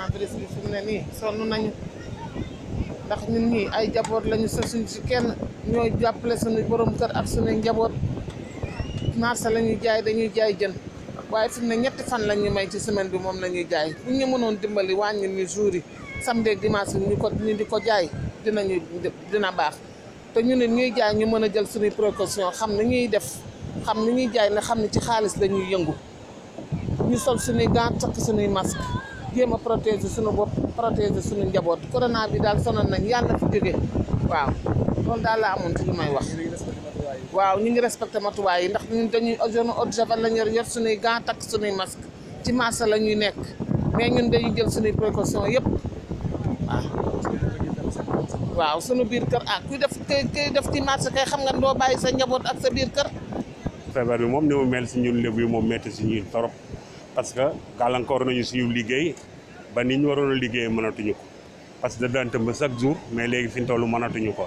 coronavirus bi fu mu sonn nañu ndax ñun ñii ay jaboot lañu sa suñ si kenn ñoo jàppale suñu borom kër ak suñu njaboot marché la ñuy jaay dañuy jaay jën waaye fi ne ñetti fan la ñu may ci semaine bi moom la jaay bu ñu mënoon dimbali wàññi ñu jour yi samedi ak dimanche ñu ko ñu di ko jaay dinañu dina baax te ñu ne ñuy jaay ñu mën a jël suñuy précaution xam ni ñuy def xam ni ñuy jaay ne xam ni ci xaalis la ñuy yëngu ñu sol suñuy gants takk suñuy masque jéem a protéger suñu bopp protéger suñu njaboot corona bi daal sonal nañ yàlla na fi jóge waaw loolu daal la amoon ci li may wax waaw ñu ngi respecté matuwaay yi ndax ñun dañuy zone eau de javel lañ yor yor suñuy gants takk ci marché la ñuy nekk mais ñun dañuy jël suñuy précaution yëpp ah. waaw sunu biir kër ah kuy def kuy def ci marché kay xam nga doo bàyyi sa njaboot ak sa biir kër feebar bi moom ni mu mel si ñun lébu yi moom metti si ñun torop parce que gàllankoor nañu suñu liggéey ba niñ warono waroon a liggéey mënatuñu ko parce que da daan chaque jour mais légui fiñ ñu toll mënatuñu ko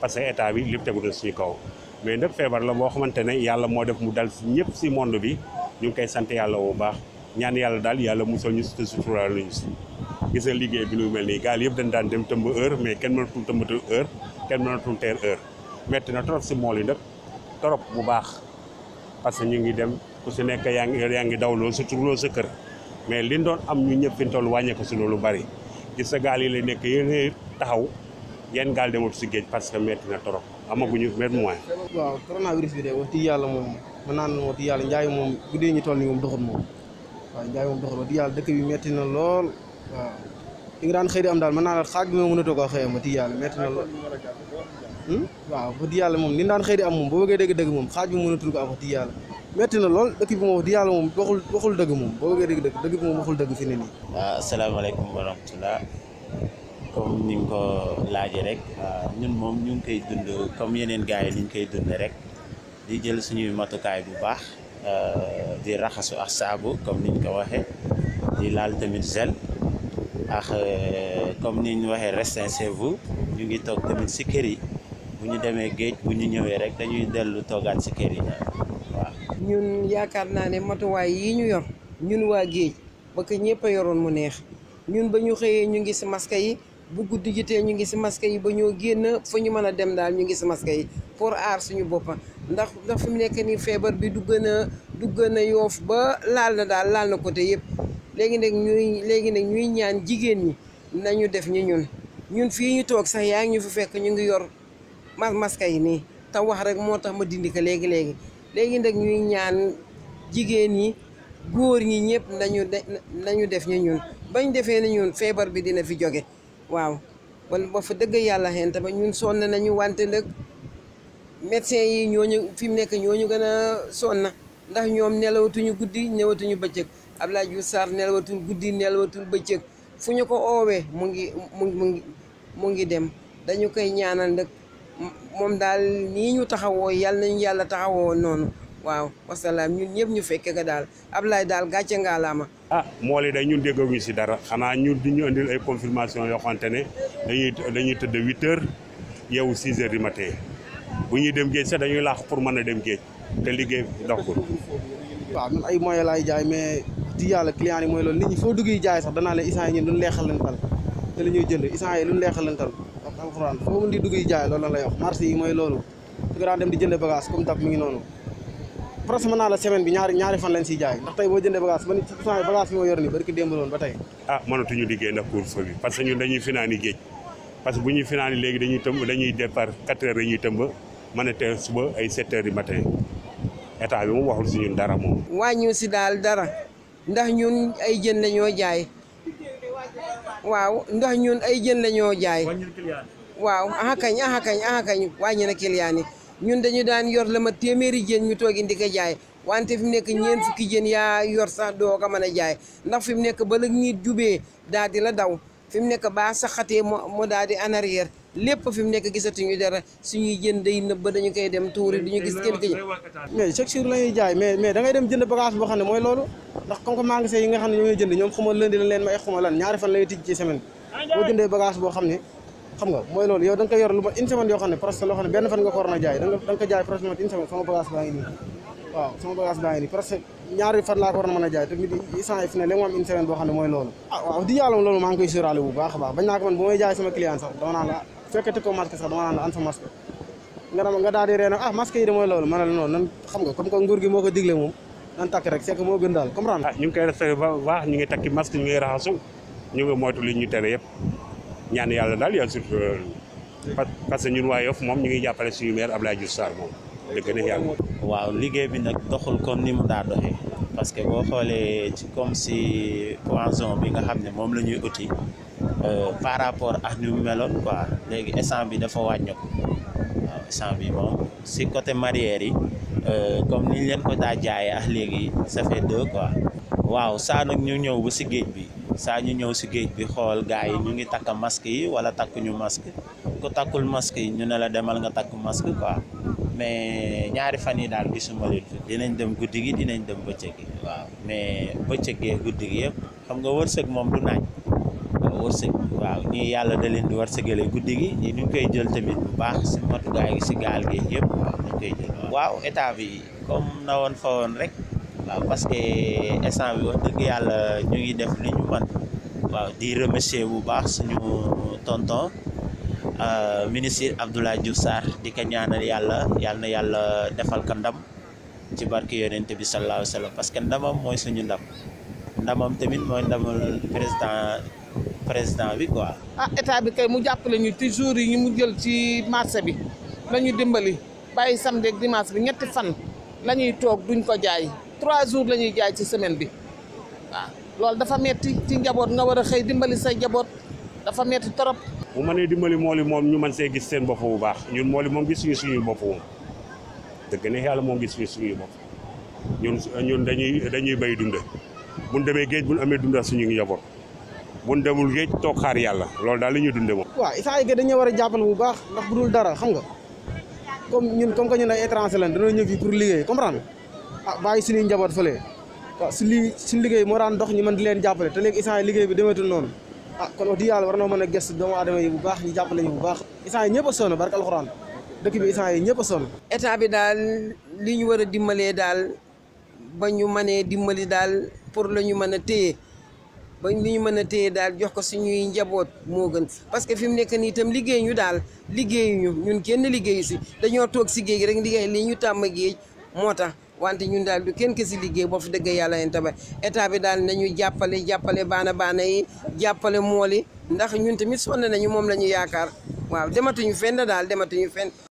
parce que état bi lépp tegu na suñu kaw mais nak feebar la bo xamantene yalla mo def mu dal ci ñepp ci monde bi ñu kay sante yalla wu baax ñaan yàlla daal yàlla musal ñu ci sutura suturaal ñu si gis nga liggéey bi lu melni gal yépp dañ daan dem tëmb heure mais kenn mënatul tëmbatul heure kenn mënatul teer heure metti na trop ci mool yi nag trop bu baax parce que ñu ngi dem ku si nekk yaa ngi yaa ngi dawloo surtout loo sa kër mais liñ doon am ñu ñëpp fi ñu toll wàññeeku si loolu bari ci sa gaal yi la nekk yéen taxaw yenn gaal dematu si géej parce que métti na trop amaguñu même moyen. waaw coronavirus bi de yàlla moom mën naa ne wax dëgg yàlla njaay moom guddee ñu toll nii yàlla dëkk bi métti na lool waaw. li nga daan xëy di am daal mën naa la xaaj bi yàlla na lool hmm? moom li daan xëy di am moom boo bëggee dëgg dëgg moom xaaj bi mënatul ko am wax dëgg yàlla metti na lool dëkk bi moom di yàlla moom waxul waxul dëgg moom boo bëggee dëgg dëgg dëgg bi moom waxul dëgg fi ne nii. waaw asalaamaaleykum wa comme ni ko laajee rek ñun moom ñu ngi koy dund comme yeneen gars yi ni koy dund rek di jël suñuy matukaay bu baax euh, di raxasu ak saabu comme niñ ko waxee di laal tamit gel ak euh, comme ni ñu waxee restez chez ñu ngi toog tamit si kër yi bu ñu demee géej bu ñu ñëwee rek dañuy dellu toogaat si kër yi. ñun yaakaar naa ne matuwaay yi ñu yor ñun waa géej ba ko ñëpp a yoroon mu neex ñun ba ñu xëyee ñu ngi si masque yi bu guddi jotee ñu ngi si masque yi ba ñoo génn fa ñu mën a dem daal ñu ngi si masque yi pour aar suñu boppa ndax ndax fi mu nekk nii feebar bi du gën a du gën a yoof ba laal na daal laal na côté yëpp léegi nag ñuy léegi nag ñuy ñaan jigéen ñi nañu def ñi ñun ñun fii ñu toog sax yaa ngi ñu fi fekk ñu ngi yor masque yi nii te wax rek moo tax ma dindi ko léegi léegi. léegi nag ñuy ñaan jigéen ñi góor ñi ñëpp nañu def ñu ñun bañ defee ne ñun feebar bi dina fi joge waaw wala ba fa dëgg yàlla xen ba ñun sonn nañu wante nag médecin yi ñooñu fi mu nekk ñooñu gën a sonn ndax ñoom nelawatuñu guddi nelawatuñu bëccëg Abdoulaye Diouf Sarr nelawatul guddi nelawatul bëccëg fu ñu ko oowee mu ngi mu mu ngi dem dañu koy ñaanal nag moom daal nii ñu taxawoo yàlla nañu yàlla taxawoo noonu waaw wasalaam ñun ñëpp ñu fekke ka daal ab Ablaye daal gàcce ngaalaama ah mool yi day ñun déggaguñu si dara xanaa ñun di ñu indil ay confirmation yoo xamante ne dañuy dañuy tëdd huit heures yeewu six heures du matin bu ñuy dem géej sax dañuy laax pour mën a dem géej te liggéey doxul. waaw man ay moyens laay jaay mais di yàlla client mooy loolu nit ñi foo dugg jaay sax danaa leen isaan yi ñun leexal leen tal te li ñuy jënd yi luñ leexal leen tal alxuraan foo di dugg jaay loolu la lay wax mooy loolu su ko daan dem di jënde bagage comme tap mi ngi noonu presque mën naa la semaine bi ñaari ñaari fan lañ siy jaay ndax tey boo jënde bagage ba ni ci pourcent bagage bi moo yor ni barki démb loon ba tey ah mënatuñu liggéey ndax couvre-feu bi parce que ñun dañuy finaani géej parce que bu ñuy finaani léegi dañuy tëmb dañuy départ 4 dañuy tëmb mën a teew suba ay 7 yi du matin état bi mu waxul si ñun dara moom wàññu si daal dara ndax ñun ay jën lañoo jaay waaw ndax ñun ay jën lañoo jaay waaw aha kañ aha kañ aha kañ wàññi na ñun dañu daan yor la ma téeméeri jën ñu toog indi ko jaay wante fi mu nekk ñeent fukki jën yaa yor sax doo ko a jaay ndax fi mu nekk ba la ñiit jubee daal di la daw fi mu nekk baa saxatee mo mu daal di en arrière lépp fi mu nekk gisatuñu dara suñuy jën day nëbb ba dañu koy dem tuuri duñu gis kenn ki mais chaque jour jaay mais mais dem jënd bagage boo xam ne mooy loolu ndax comme que magasin yi nga xam ne ñoo ngi jënd ñoom xuma lëndi la leen may xuma lan ñaari fan lay tij ci semaine ah, boo bagage boo xam ne xam nga mooy loolu yow da nga koy yor lu ma une semaine yoo xam nga ko a jaay da ko a ma ne nguur gi moo ko digle moom nan takk rek c'est moo gën daal comprendre ah ñu ngi koy respecté bu baax ñu ngi takki masque ñu ngi raxasu ñu ngi moytu li ñu tere yëpp ñaan yàlla daal yàlla surtout euh, parce que ñun waa Yoff moom ñu ngi jàppale suñu maire Abdoulaye Diouf Sarr moom dëgg na yàlla. waaw liggéey bi nag doxul comme ni mu daa doxee parce que boo xoolee ci comme si poison bi nga xam ne moom la ñuy uti euh, par rapport ak ni mu meloon quoi léegi essence bi dafa wàññeeku waaw essence bi moom si côté mareyeur yi euh, comme niñ leen ko daa jaayee ak léegi ça fait deux quoi. waaw saa nag ñu ñëw ba si géej bi. saa ñu ñëw si géej bi xool gars yi ñu ngi takk masque yi wala takkuñu masque ku takkul masque yi ñu ne la demal nga takk masque quoi mais ñaari fan yi daal gisuma leen dinañ dem guddi gi dinañ dem bëccëg gi waaw mais bëccëg gee guddi gi yëpp xam nga wërsëg moom du naaj wërsëg waaw yàlla da leen di wërsëgale guddi gi ñii ñu koy jël tamit bu baax si matukaay gi si gaal gi yëpp waaw ñu bi comme na woon fa woon rek waaw parce que instant bi wax dëgg yàlla ñu ngi def li ñu man waaw di remercier bu baax suñu tonton euh, ministre Abdoulaye Diouf Sarr di ko ñaanal yàlla yàlla na yàlla defal ka ndam ci barke yonent bi sallallahu alayhi wa sallam parce que ndamam mooy suñu ndam ndamam tamit mooy ndamal président bi quoi. ah état bi kay mu jàppale ñu ci jours yi mu jël ci marché bi lañuy dimbali bàyyi samedi ak bi ñetti fan la toog duñ ko jaay. 3 jours la jaay ci semaine bi wa lool dafa metti ci njabot nga wara xey dimbali say njabot dafa metti torop bu mané dimbali moli mom ñu man sey gis seen bopp bu baax ñun moli mom gis suñu suñuy bopp ne yalla mom gis suñu bopp ñun ñun dañuy dañuy bay dunda buñ démé geej buñ amé dundal suñu njabot buñ demul geej tok xaar yalla lool daal lañuy dundé dunde moom. waaw ge Aïga dañu war a bu baax ndax bu dul dara xam nga comme ñun comme que ñun ay étranger lañ dañu ñëw fi pour liggéey comprendre Ah, bàyyi suñuy njaboot fële waaw su lii suñu liggéey moo daan dox ñi mën di leen jàppale te léegi instant yi liggéey bi demeetul noonu ah kon wax dëgg yàlla war na man a gëstu doomu aadama yi bu baax ñu jàppale ñu bu baax instant yi ñëpp a sonn barke alxuraan dëkk bi instant yi ñëpp a sonn état bi daal lii ñu war a dimbalee daal ba ñu mënee dimbali daal pour la ñu mën a téye ba ñu mën a téye daal jox ko si ñuy njaboot moo gën parce que fi mu nekk nii itam liggéey ñu daal liggéeyuñu ñun kenn liggéeyu si dañoo toog si géej rek liggéey lii ñu tàmm géej moo tax wante ñun daal du kenn kese liggéey boo fi dëgg yàlla yéen tamit état bi daal nañu jàppale jàppale baana baana yi jàppale mool yi ndax ñun tamit sonn nañu moom la ñu yaakaar waaw dematuñu fenn daal dematuñu fenn.